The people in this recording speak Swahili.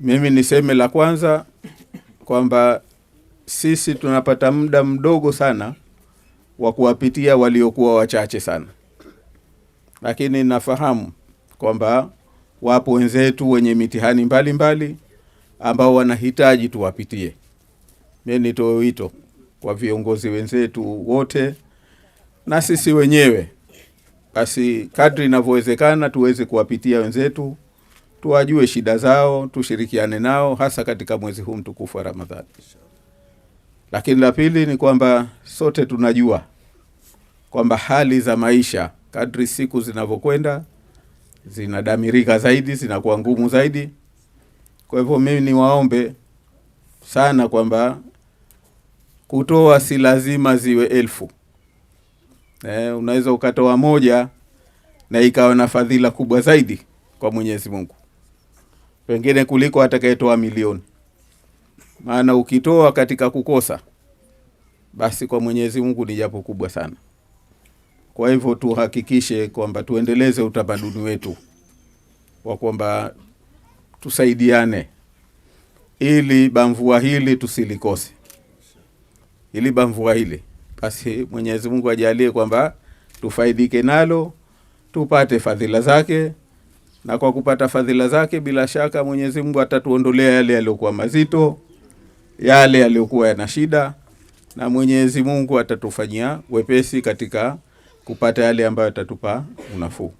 Mimi niseme la kwanza kwamba sisi tunapata muda mdogo sana wa kuwapitia waliokuwa wachache sana, lakini nafahamu kwamba wapo wenzetu wenye mitihani mbalimbali mbali, ambao wanahitaji tuwapitie. Mimi nitoe wito kwa viongozi wenzetu wote na sisi wenyewe, basi kadri inavyowezekana tuweze kuwapitia wenzetu tuwajue shida zao, tushirikiane nao hasa katika mwezi huu mtukufu wa Ramadhani. Lakini la pili ni kwamba sote tunajua kwamba hali za maisha kadri siku zinavyokwenda zinadamirika zaidi, zinakuwa ngumu zaidi. Kwa hivyo mimi niwaombe sana kwamba kutoa si lazima ziwe elfu. Eh, unaweza ukatoa moja na ikawa na fadhila kubwa zaidi kwa Mwenyezi Mungu pengine kuliko atakayetoa milioni. Maana ukitoa katika kukosa, basi kwa Mwenyezi Mungu ni jambo kubwa sana. Kwa hivyo tuhakikishe kwamba tuendeleze utamaduni wetu wa kwamba tusaidiane, ili bamvua hili tusilikose, ili bamvua hili basi Mwenyezi Mungu ajalie kwamba tufaidike nalo, tupate fadhila zake na kwa kupata fadhila zake bila shaka Mwenyezi Mungu atatuondolea yale yaliyokuwa mazito, yale yaliyokuwa yana shida, na Mwenyezi Mungu atatufanyia wepesi katika kupata yale ambayo atatupa unafuu.